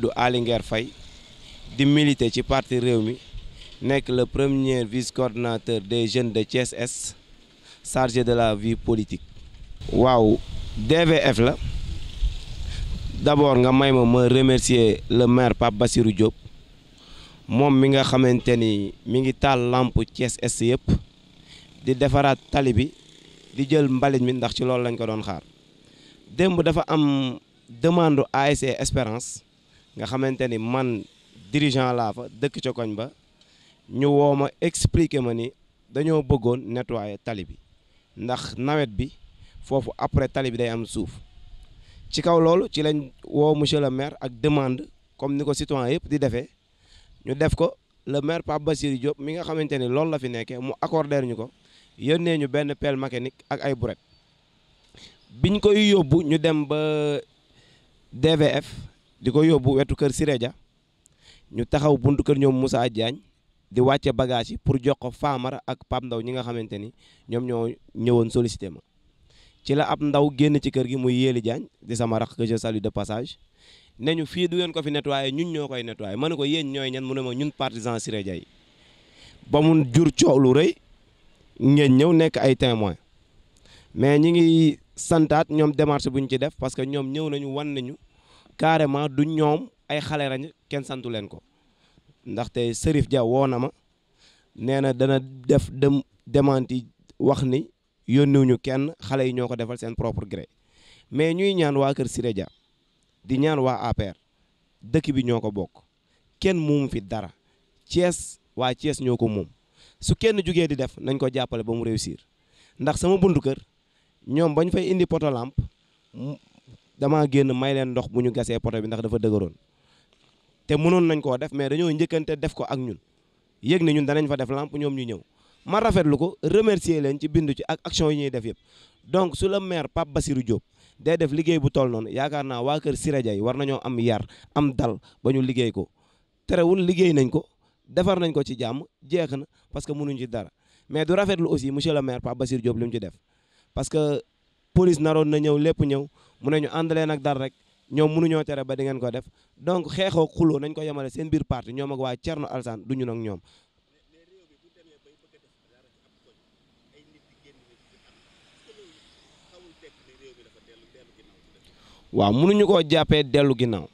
du Aly Nguer Faye di militer ci parti réew mi nekk le premier vice coordinateur des jeune de Thiès Est chargé de la vie politique waaw DVF la d'abord nga may ma ma remercier le maire Pape Bassirou Diop moom mi nga xamante ni mi ngi taal lamp Thiès ess yëpp di defaraat tali bi di jël mbalit mi ndax ci loolu lañ ko doon xaar démb dafa am demande ASC Espérance nga xamante ni man dirigeant laa fa dëkk ca ba ñu woo ma expliquer ma ni dañoo bëggoon nettoyer tali bi ndax nawet bi foofu après tali bi day am suuf ci kaw loolu ci lañ woo monsieur le maire ak demande comme ni ko citoyen yëpp di defee ñu def ko le maire Pape Bassirou Diop mi nga xamante ni loolu la fi nekkee mu accorder ñu ko yónnee ñu benn pelle mécanique ak ay brouette biñ koy yóbbu ñu dem ba DVF di ko yóbbu wetu kër Sirédia ñu taxaw buntu kër ñoom Moussa Diagne di wàcce bagage yi pour jox ko Famara ak Pape Ndaw ñi nga xamante ni ñoom ñoo ñëwoon sollicité ma ci la ab ndaw génn ci kër gi muy Yéeli Diagne di sama rakk que je de passage ne ñu fii du ngeen ko fi nettoyé ñun ñoo koy nettoyé ma ne ko yéen ñooy ñan mu ne ma ñun partisan Sirédia yi ba mun jur coow lu rëy ngeen ñëw nekk ay témoin mais ñi ngi santaat ñoom démarche bu ci def parce que ñoom ñëw nañu wan nañu carrément du ñoom ay xale lañ kenn santu leen ko ndaxte Serif Dia woo na ma nee na dana def dem démenti wax ni yónniwuñu kenn xale yi ñoo ko defal seen propre gré mais ñuy ñaan waa Kër Siré Dia di ñaan waa APR dëkk bi ñoo ko bokk kenn moomu fi dara Thiès waa Thiès ñoo ko moom su kenn jugee di def nañ ko jàppale ba mu réussir ndax sama buntu kër ñoom bañ fay indi poto damaa génn may leen ndox bu ñu gasee poto bi ndax dafa dëgëroon te mënoon nañ koo def mais dañoo njëkkante def ko ak ñun yéeg ne danañ fa def làmp ñoom ñu ñëw ma rafetlu ko remercier leen ci bindu ci ak action yi ñuy def yëpp donc su la maire Pape Bassirou Diop day def liggéey bu toll noonu yaakaar naa waa kër Siré Dia war nañoo am yar am dal ba ñu liggéey ko terewul liggéey nañ ko defar nañ ko ci jàmm jeex na parce que mënuñ ci dara mais du rafetlu aussi monsieur le maire Pape Bassirou Diop li mu ci def police naroon na ñëw lépp ñëw mu ne ñu ànd leen ak rek ñoom mënuñoo tere ba di ngeen ko def donc xeexoo xuloo nañ ko yemale seen biir parti ñoom ak waa Thierno Alassane du ñun ak ñoom. waaw mënuñu koo jàppee dellu ginnaaw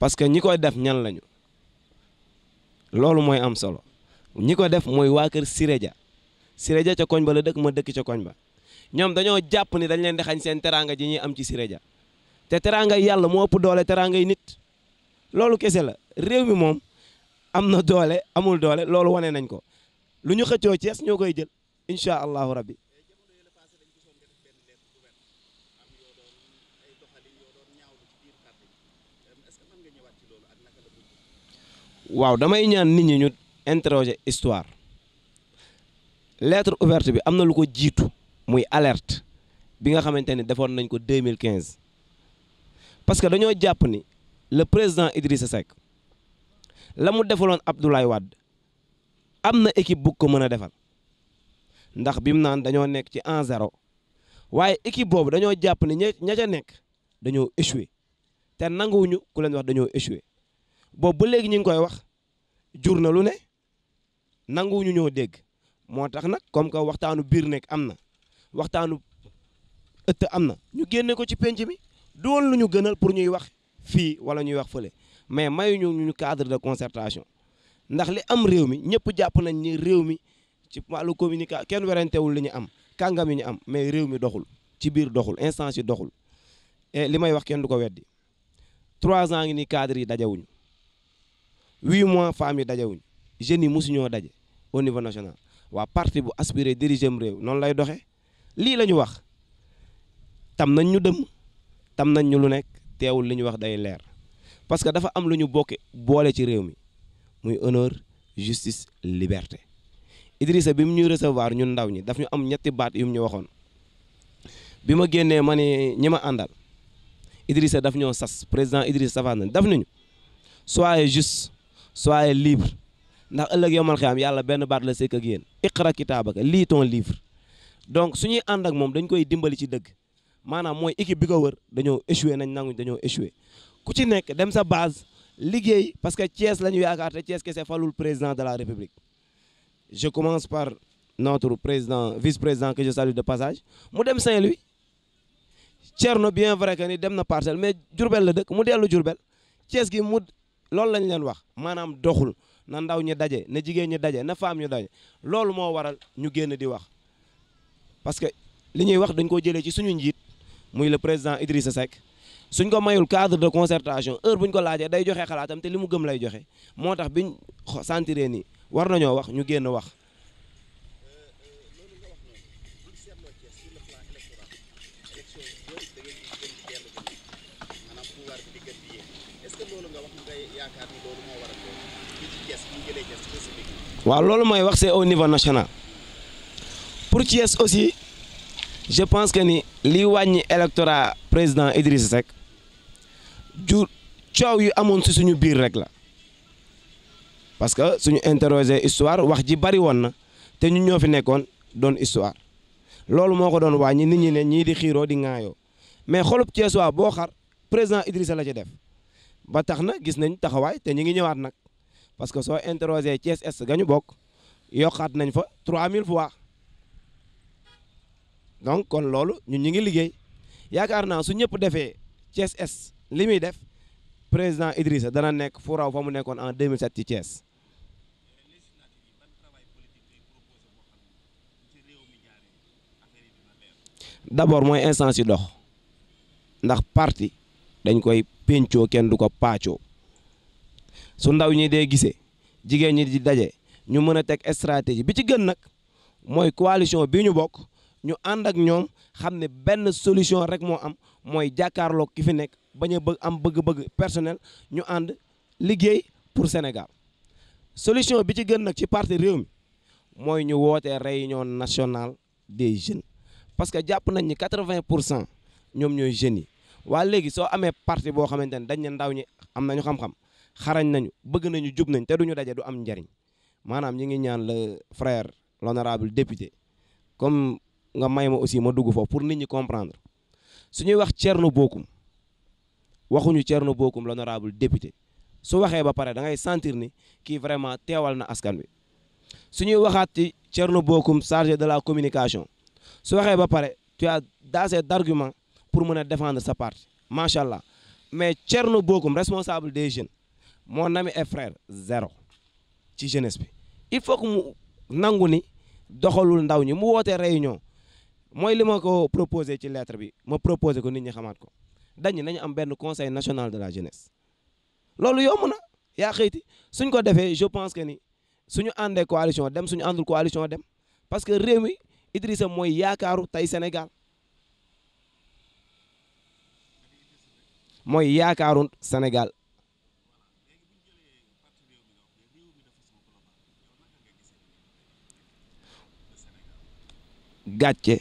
parce que ñi ko def ñan lañu loolu mooy am solo ñi ko def mooy waa kër ja Sirédia ja ca koñ ba la dëkk ma dëkk ca koñ ba. ñoom dañoo jàpp ni dañ leen di xañ seen teraanga ji ñuy am ci Siré Dia te teraangay yàlla moo pu doole yi nit loolu kese la réew mi moom am na doole amul doole loolu wane nañ ko lu ñu xëccoo Cees ñoo koy jël incha allahu rabbi waaw damay ñaan nit ñi ñu interroger histoire lettre ouverte bi am na lu ko jiitu muy alerte bi nga xamante ni defoon nañ ko 2015 parce que dañoo jàpp ni le président Idrissa Seck la mu defaloon Abdoulaye Wade am na équipe bu ko mën a defar ndax bi mu naan dañoo nekk ci 1-0 waaye équipe boobu dañoo jàpp ni ña ca nekk dañoo échoué te nanguwuñu ku leen wax dañoo échoué boobu ba léegi ñu ngi koy wax jur na lu ne nanguwuñu ñoo dégg moo tax nag comme que waxtaanu biir nekk am na. waxtaanu ëtt am na ñu génne ko ci penc mi dool lu ñu gënal pour ñuy wax fii wala ñuy wax fële mais mayuñu ñu cadre de concertation ndax li am réew mi ñëpp jàpp nañ ni réew mi ci wàllu communication kenn werantewul li ñu am kàngam yi ñu am mais réew mi doxul ci biir doxul instance doxul et li may wax kenn du ko weddi trois ans ngi ni cadre yi dajawuñu huit mois femmes yi dajawuñu jeunes yi mosuñoo daje au niveau national waa parti bu aspiré diriger réew noonu lay doxee lii la ñu wax tam nañ ñu dëmm tam nañ ñu lu nekk teewul li ñu wax day leer parce que dafa am lu ñu bokke boole ci réew mi muy honneur justice liberté Idrissa bi mu ñu recevoir ñun ndaw ñi daf ñu am ñetti baat yu mu ñu waxoon bi ma génnee ma ne ñi ma àndal Idrissa daf ñoo sas président Idrissa safaan nañ daf nañu soyez juste soyez libre ndax ëllëg yomal xiyaam yàlla benn baat la sekk ak yéen iqra kitaabaka lii ton livre donc suñuy ànd ak moom dañ koy dimbali ci dëgg maanaam mooy équipe bi ko wër dañoo échoué nañ nanguñ dañoo échoué ku ci nekk dem sa base liggéey parce que Thiès lañu yaakaar te Thiès kese falul président de la République je commence par notre président vice-président que je salue de passage mu dem Saint-Louis Thierno bien vrai que ni dem na parcelle mais Diourbel la dëkk mu dellu Diourbel Thiès gi mu loolu lañ leen wax maanaam doxul na ndaw ñi daje na jigéen ñu daje na femme ñu daje loolu moo waral ñu génn di wax parce que li ñuy wax dañ koo jëlee ci suñu njiit muy le président Idrissa Seck suñ ko mayul cadre de concertation heure buñ ko laajee day joxe xalaatam te li mu gëm lay joxe moo tax biñ sentiree ni war nañoo wax ñu génn wax. waaw loolu mooy wax c'est au niveau national. pour Thiès aussi je pense que ni liy wàññi électorat président idrise Seck jur coow yu amoon si suñu biir rek la parce que suñu interroger histoire wax ji bari woon na te ñu ñoo fi nekkoon doon histoire loolu moo ko doon wàññi nit ñi ne ñii di xiiroo di ŋaayoo mais xolub Thiès waa boo xar président Idrissa la ci def ba tax na gis nañ taxawaay te ñu ngi ñëwaat nag parce que soo interroger Thiès Est ga ñu bokk yokkaat nañ fa 3000 voix. donc kon loolu ñun ñu ngi liggéey yaakaar naa su ñëpp defee Thiès Est li muy def président Idrissa dana nekk fu raw fa mu nekkoon en 2007 ci Thiès. d'abord mooy instance yi dox ndax parti dañ koy pencoo kenn du ko paacoo su ndaw ñi dee gisee jigéen ñi di daje ñu mën a teg stratégie bi ci gën nag mooy coalition bi ñu bokk. ñu ànd ak ñoom xam ne benn solution rek moo am mooy jàkkaarloo ki fi nekk bañ a bëgg am bëgg-bëgg personnel ñu ànd liggéey pour Sénégal solution bi ci gën nag ci parti réew mi mooy ñu woote réunion nationale des jeunes parce que jàpp nañ ni quatre-vingt pour cent ñoom ñooy jeunes yi waa léegi soo amee parti boo xamante ne dañ ne ndaw ñi am nañu xam-xam xarañ nañu bëgg nañu jub nañ te duñu daje du am njariñ maanaam ñi ngi ñaan le frère l'honorable député nga may ma aussi ma dugg foofu pour nit ñi comprendre su ñuy wax Thierno Bocoum waxuñu Thierno Bocoum l'honorable député su waxee ba pare da ngay sentir ni kii vraiment teewal na askan wi su ñuy waxaat ci Thierno Bocoum de la communication su waxee ba pare tu as assez d'arguments pour mën a défendre sa parti macha allah mais Thierno Bocoum responsable des jeunes mon ami et frère zéro ci jeunesse bi il faut que nangu ni doxalul ndaw ñi mu woote réunion mooy li ma ko proposé ci lettre bi moo proposé ko nit ñi xamaat ko dañ nañu am benn conseil national de la jeunesse loolu yomb na yaa xëyti suñ ko defee je pense que ni suñu àndee coalition dem suñu àndul coalition dem parce que réew mi Idrissa mooy yaakaaru tey Sénégal mooy yaakaaru Sénégal gàcce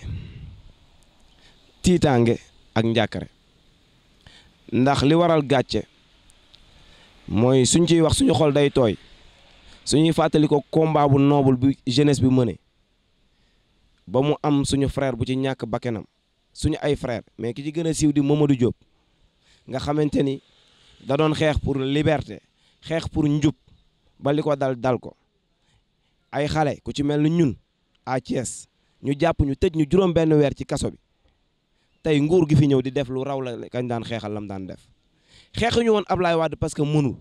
tiitaange ak njàkkare ndax li waral gàcce mooy suñ ciy wax suñu xol day tooy suñuy fàttali ko combat bu noble bi jeunesse bi mëne ba mu am suñu frère bu ci ñàkk bakkenam suñu ay frère mais ki ci gën a siiw di Mamadou Diop nga xamante ni da xeex pour liberte xeex pour njub ba li ko dal dal ko ay xale ku ci mel ni ñun à Thiès ñu jàpp ñu tëj ñu juróom benn weer ci kaso bi tey nguur gi fi ñëw di def lu raw la kañ daan xeexal lam daan def xeexuñu woon Ablaye Wade parce que mënul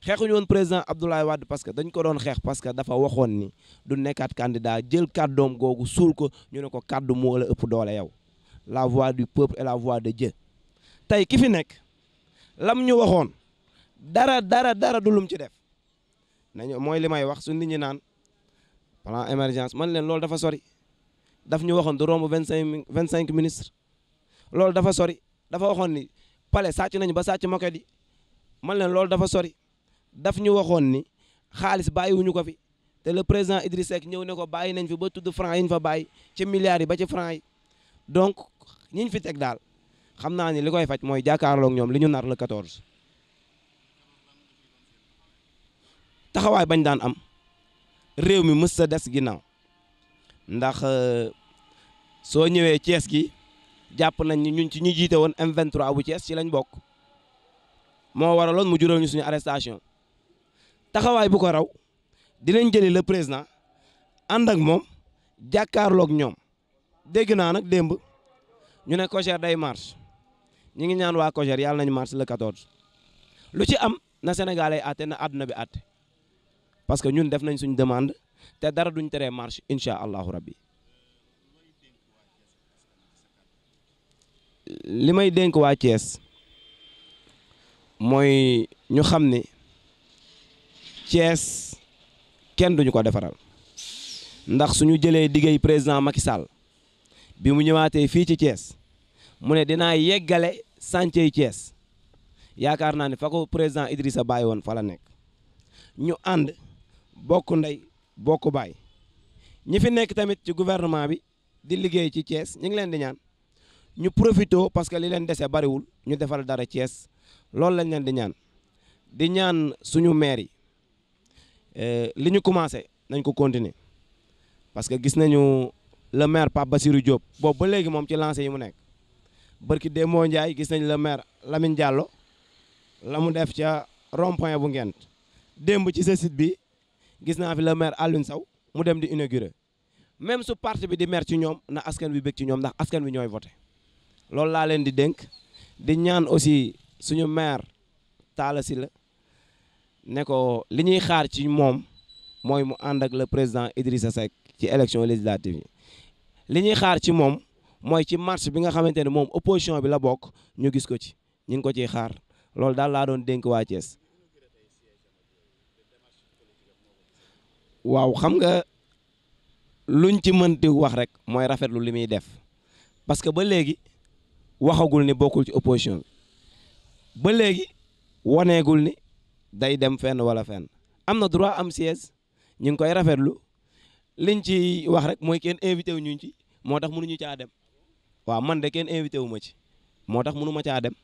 xeexuñu woon président Abdoulaye Wade parce que dañ ko doon xeex parce que dafa waxoon ni du nekkaat candidat jël doom googu suul ko ñu ne ko kàddu moo la ëpp doole yow la voix du peuple et la voix de Dieu tey ki fi nekk lam ñu waxoon dara dara dara du lum ci def nañu mooy li may wax su nit ñi naan plan émergence man leen loolu dafa sori daf ñu waxoon du romb vingt cinq vingt cinq ministres loolu dafa sori dafa waxoon ni pale sàcc nañu ba sàcc moket yi man leen loolu dafa sori daf ñu waxoon ni xaalis bàyyiwuñu ko fi te le président Idriss Seck ñëw ne ko bàyyi nañ fi ba tudd franc yi ñu fa bàyyi ci milliards yi ba ci franc yi donc ñi ñu fi teg daal xam naa ni li koy faj mooy jàkkaarloog ñoom li ñu nar le 14. taxawaay bañ daan am réew mi mës sa des ginnaaw ndax. Euh, soo ñëwee Thiès gi jàpp nañ ni ñun ci ñu jiite woon M23 bu Thiès ci lañ bokk moo waraloon mu jural ñu suñu arrestation taxawaay bu ko raw dinañ jëli le président ànd ak moom jàkkaarloog ñoom dégg naa nag démb ñu ne COJER day marche ñi ngi ñaan waa COJER yàlla nañu marche le 14 lu ci am na Sénégal ay àtte na àdduna bi àtte parce que ñun def nañ suñ demande te dara duñ teree marche incha allahu rabbi li may dénk waa Thiès mooy ñu xam ni Thiès kenn duñu ko defaral ndax ñu jëlee diggéey président Macky bi mu ñëwaatee fii ci Thiès mu ne dinaa yeggale chantier yi yaakaar naa ne fa ko président Idrissa bàyyi woon fala nekk ñu ànd bokk ndey bokku baay ñi fi nekk tamit ci gouvernement bi di liggéey ci cees ñu ngi leen di ñaan ñu profité parce que li leen dese bariwul ñu defal dara Thiès loolu lañ leen di ñaan di ñaan suñu maire yi eh, li ñu commencé nañ ko continuer parce que gis nañu le maire Pape Bassirou Diop boobu ba léegi moom ci lancé yi mu nekk barki Demba Ndiaye gis nañ le maire Lamine Diallo la mu def ca rond bu ngent démb ci sa bi gis naa fi le maire Alioune Sow mu dem di inauguré même su part bi di meer ci ñoom na askan bi bëgg ci ñoom ndax askan bi ñooy voté loolu laa leen di dénk di ñaan aussi suñu maire Talla Sylla ne ko li ñuy xaar ci moom mooy mu ànd ak le président Idrissa Seck ci élection législative yi li ñuy xaar ci moom mooy ci marche bi nga xamante ne moom opposition bi la bokk ñu gis ko ci ñu ngi ko ciy xaar loolu daal laa doon dénk waa Thiès waaw xam nga luñ ci mënti wax rek mooy rafetlu li muy def parce que ba léegi waxagul ni bokkul ci opposition ba léegi waneegul ni day dem fenn wala fenn am na droit am siège ñu ngi koy rafetlu liñ ci wax rek mooy kenn invité wu ñu ci moo tax mënuñu caa dem waaw man de kenn invité wu ma ci moo tax mënu ma caa dem.